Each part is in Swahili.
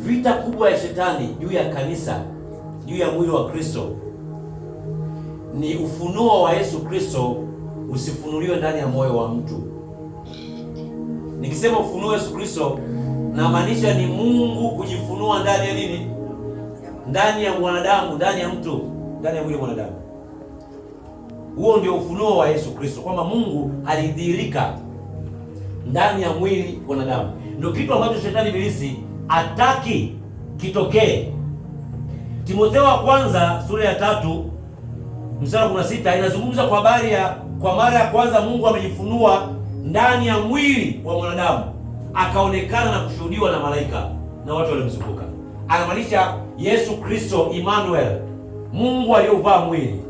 vita kubwa ya shetani juu ya kanisa, juu ya mwili wa Kristo ni ufunuo wa Yesu Kristo usifunuliwe ndani ya moyo wa mtu. Nikisema ufunuo Yesu Kristo namaanisha ni Mungu kujifunua ndani ya nini? Ndani ya mwanadamu, ndani ya mtu, ndani ya mwili wa mwanadamu. Huo ndio ufunuo wa Yesu Kristo, kwamba Mungu alidhihirika ndani ya mwili wa mwanadamu, ndio kitu ambacho shetani bilisi ataki kitokee. Timotheo wa kwanza sura ya tatu mstari wa sita inazungumza kwa habari ya kwa mara ya kwanza Mungu amejifunua ndani ya mwili wa mwanadamu akaonekana na kushuhudiwa na malaika na watu waliomzunguka. Anamaanisha Yesu Kristo Emmanuel, Mungu aliyovaa mwili.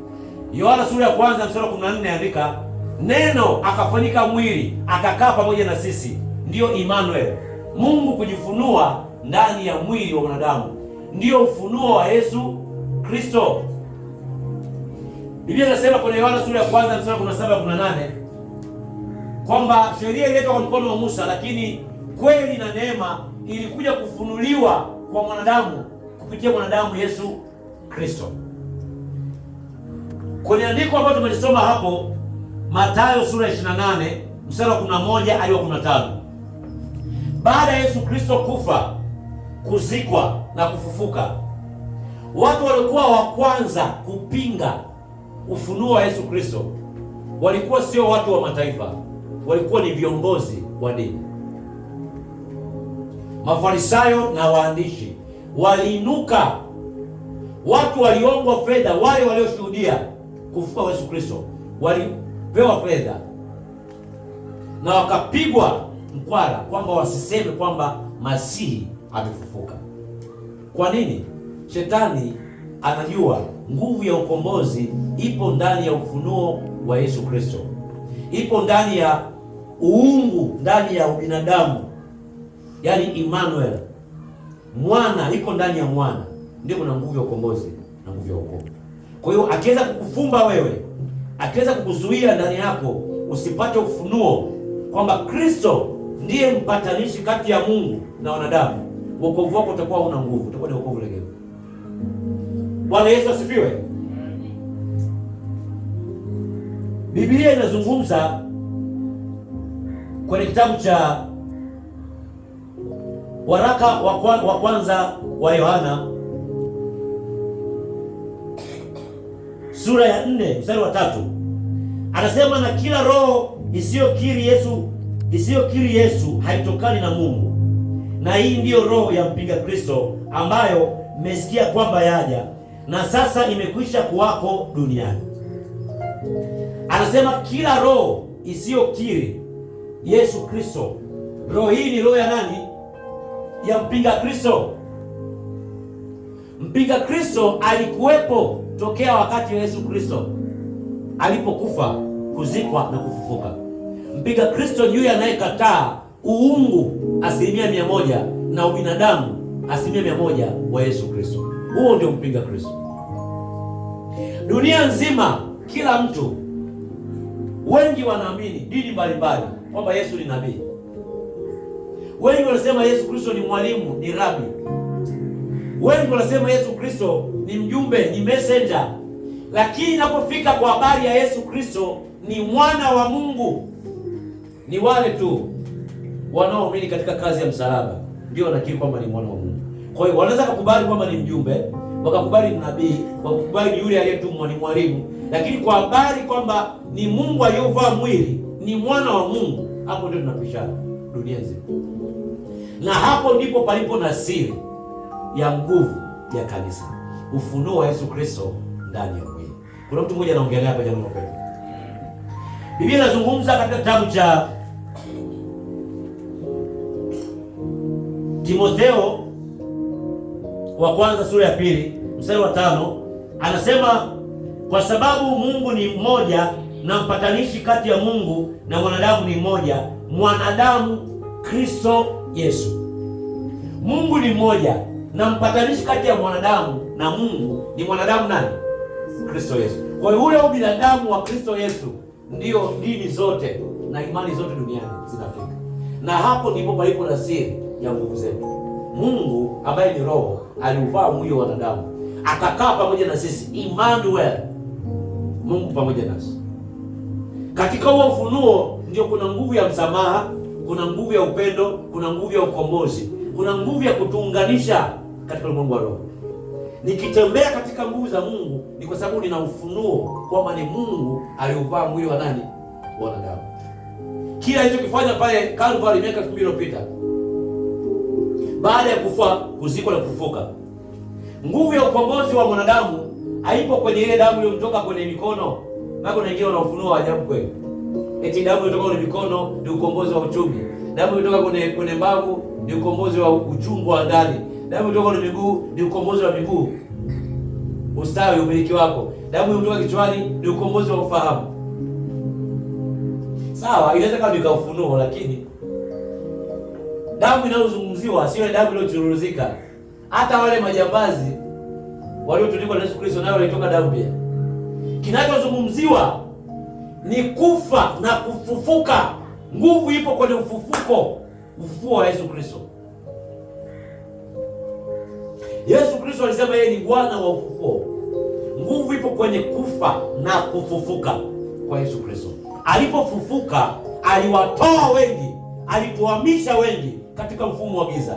Yohana sura ya kwanza mstari wa 14 andika neno akafanyika mwili akakaa pamoja na sisi, ndiyo Emmanuel, Mungu kujifunua ndani ya mwili wa mwanadamu, ndiyo ufunuo wa Yesu Kristo. Biblia inasema kwenye Yohana sura ya kwanza mstari wa 17 na nane kwamba sheria ililetwa kwa mkono wa Musa, lakini kweli na neema ilikuja kufunuliwa kwa mwanadamu kupitia mwanadamu Yesu Kristo. Kwenye andiko ambalo tumelisoma hapo Mathayo sura ya 28 mstari wa 11 hadi wa 15, baada ya Yesu Kristo kufa kuzikwa na kufufuka. Watu walikuwa wa kwanza kupinga ufunuo wa Yesu Kristo walikuwa sio watu wa mataifa, walikuwa ni viongozi wa dini. Mafarisayo na waandishi waliinuka, watu waliombwa fedha, wale walioshuhudia kufufuka Yesu Kristo walipewa fedha na wakapigwa mkwara kwamba wasiseme kwamba Masihi amefufuka. Kwa nini? Shetani anajua nguvu ya ukombozi ipo ndani ya ufunuo wa Yesu Kristo, ipo ndani ya uungu, ndani ya ubinadamu, yaani Emmanuel, mwana iko ndani ya mwana, ndio kuna nguvu ya ukombozi na nguvu ya wokovu. Kwa hiyo akiweza kukufumba wewe, akiweza kukuzuia ndani yako usipate ufunuo kwamba Kristo ndiye mpatanishi kati ya Mungu na wanadamu wokovu wako utakuwa hauna nguvu, utakuwa ni wokovu legevu. Bwana Yesu asifiwe. Biblia inazungumza kwenye kitabu cha waraka wa kwanza wa Yohana sura ya nne mstari wa tatu anasema, na kila roho isiyokiri Yesu isiyokiri Yesu haitokani na Mungu na hii ndiyo roho ya mpinga Kristo ambayo mmesikia kwamba yaja na sasa imekwisha kuwako duniani. Anasema kila roho isiyokiri Yesu Kristo. Roho hii ni roho ya nani? Ya mpinga Kristo. Mpinga Kristo alikuwepo tokea wakati wa Yesu Kristo alipokufa, kuzikwa na kufufuka. Mpinga Kristo ni yule anayekataa uungu asilimia mia moja na ubinadamu asilimia mia moja wa Yesu Kristo. Huo ndio mpinga Kristo. Dunia nzima, kila mtu, wengi wanaamini dini mbalimbali kwamba Yesu ni nabii, wengi wanasema Yesu Kristo ni mwalimu, ni rabi, wengi wanasema Yesu Kristo ni mjumbe, ni messenger. Lakini inapofika kwa habari ya Yesu Kristo ni mwana wa Mungu, ni wale tu wanaoamini katika kazi ya msalaba ndio wanakiri kwamba ni mwana wa Mungu. Kwa hiyo wanaweza kukubali kwamba ni mjumbe, wakakubali ni nabii, wakakubali yule aliyetumwa ni mwalimu, lakini kwa habari kwamba ni Mungu aliyovaa mwili, ni mwana wa Mungu, hapo ndio tunapishana dunia nzima, na hapo ndipo palipo na siri ya nguvu ya kanisa, ufunuo wa Yesu Kristo ndani ya mwili. Kuna mtu mmoja anaongelea hapa, jamani, Biblia inazungumza katika kitabu cha Timotheo wa kwanza sura ya pili mstari wa tano anasema kwa sababu Mungu ni mmoja na mpatanishi kati ya Mungu na mwanadamu ni mmoja, mwanadamu Kristo Yesu. Mungu ni mmoja na mpatanishi kati ya mwanadamu na Mungu ni mwanadamu nani? Kristo Yesu. Kwa hiyo ule ubinadamu wa Kristo Yesu ndiyo dini zote na imani zote duniani zinafika, na hapo ndipo palipo na siri ya nguvu zetu. Mungu ambaye ni Roho aliuvaa mwili wa wanadamu akakaa pamoja na sisi, Emmanuel, Mungu pamoja nasi. Katika huo ufunuo ndio kuna nguvu ya msamaha, kuna nguvu ya upendo, kuna nguvu ya ukombozi, kuna nguvu ya kutuunganisha katika ulimwengu wa roho. Nikitembea katika nguvu za Mungu ni kwa sababu nina ufunuo kwamba ni Mungu aliuvaa mwili wa nani? Wanadamu. Kila alichokifanya pale Calvary miaka 2000 iliyopita baada ya kufa, kuzikwa na kufufuka. Nguvu ya ukombozi wa mwanadamu haipo kwenye ile damu iliyotoka kwenye mikono. Mako na ufunuo wa ajabu kweli. Eti damu iliyotoka kwenye mikono ni ukombozi wa uchumi. Damu iliyotoka kwenye kwenye mbavu ni ukombozi wa uchungu wa ndani. Damu iliyotoka kwenye miguu ni ukombozi wa miguu. Ustawi umiliki wako. Damu iliyotoka kichwani ni ukombozi wa ufahamu. Sawa, inaweza kama ni lakini damu inayozungumziwa sio damu iliyochuruzika. Hata wale majambazi waliotulikwa na Yesu Kristo nayo walitoka damu pia. Kinachozungumziwa ni kufa na kufufuka. Nguvu ipo kwenye ufufuko, ufufuo wa Yesu Kristo. Yesu Kristo alisema yeye ni Bwana wa ufufuo. Nguvu ipo kwenye kufa na kufufuka kwa Yesu Kristo. Alipofufuka aliwatoa wengi, alituhamisha wengi katika mfumo wa giza,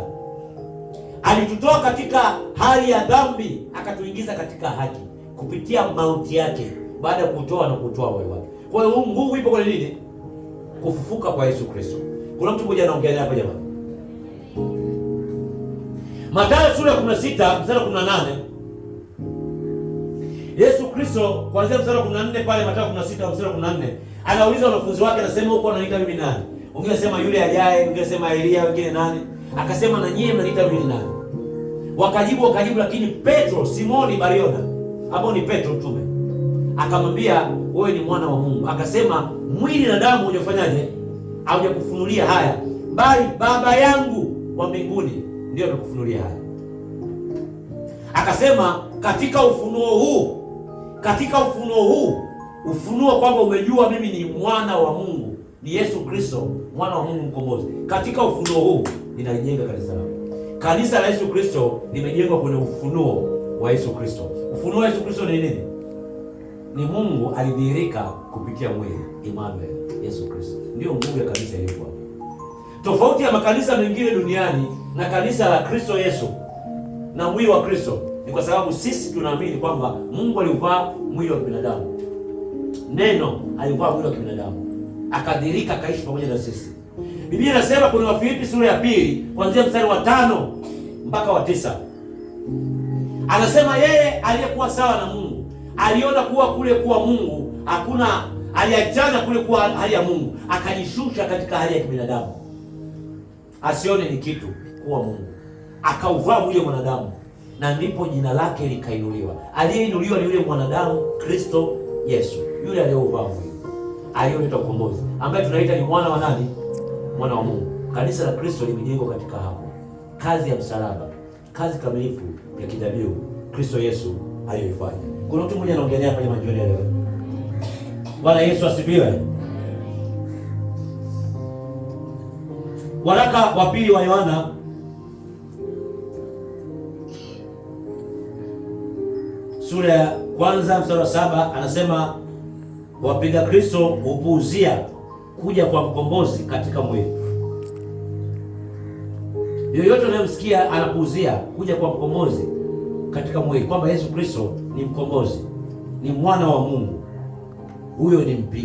alitutoa katika hali ya dhambi, akatuingiza katika haki kupitia mauti yake, baada ya kutoa na kutoa moyo wake. Kwa hiyo nguvu ipo kwenye nini? Kufufuka kwa Yesu Kristo. Kuna mtu mmoja anaongelea hapa jamani, Mathayo sura ya 16 mstari wa 18 Yesu Kristo kuanzia mstari wa 14 pale Mathayo 16 mstari wa 14 anauliza wanafunzi wake, anasema huko ananiita mimi nani? sema yule ajaye, sema Elia, wengine nani? Akasema na nyie mnaniita mimi nani? Wakajibu wakajibu, lakini Petro Simoni Bariona, ambao ni Petro mtume, akamwambia wewe ni mwana wa Mungu. Akasema mwili na damu hujafanyaje, haujakufunulia haya, bali Baba yangu wa mbinguni ndio amekufunulia haya. Akasema katika ufunuo huu, katika ufunuo huu, ufunuo kwamba umejua mimi ni mwana wa Mungu ni Yesu Kristo mwana wa Mungu mkombozi. Katika ufunuo huu ninajenga kanisa langu. Kanisa la Yesu Kristo limejengwa kwenye ufunuo wa Yesu Kristo. Ufunuo wa Yesu Kristo ni nini? Ni Mungu alidhihirika kupitia mwili, Emmanuel, Yesu Kristo. Ndiyo nguvu ya kanisa ilikuwa. Tofauti ya makanisa mengine duniani na kanisa la Kristo Yesu na mwili wa Kristo ni kwa sababu sisi tunaamini kwamba Mungu aliuvaa mwili wa kibinadamu. Neno alivaa mwili wa kibinadamu akadhirika akaishi pamoja na sisi. Biblia inasema kuna Wafilipi sura ya pili kuanzia mstari wa tano mpaka wa tisa anasema yeye aliyekuwa sawa na Mungu aliona kuwa kule kuwa Mungu hakuna, aliachana kule kuwa hali ya Mungu, akajishusha katika hali ya kibinadamu, asione ni kitu kuwa Mungu, akauvaa mwili wa mwanadamu, na ndipo jina lake likainuliwa. Aliyeinuliwa ni yule mwanadamu Kristo Yesu, yule aliyeuvaa mwili aliyoleta ukombozi ambaye tunaita ni mwana wa nani? Mwana wa Mungu. Kanisa la Kristo limejengwa katika hapo, kazi ya msalaba, kazi kamilifu ya kidhabihu Kristo Yesu aliyoifanya. Kuna mtu mmoja anaongelea kwenye jamani, ya leo. Bwana Yesu asifiwe. Waraka wa pili wa Yohana sura ya kwanza mstari wa saba anasema wapinga Kristo hupuuzia kuja kwa mkombozi katika mwili. Yoyote unayemsikia anapuuzia kuja kwa mkombozi katika mwili, kwamba Yesu Kristo ni mkombozi, ni mwana wa Mungu, huyo ni mpi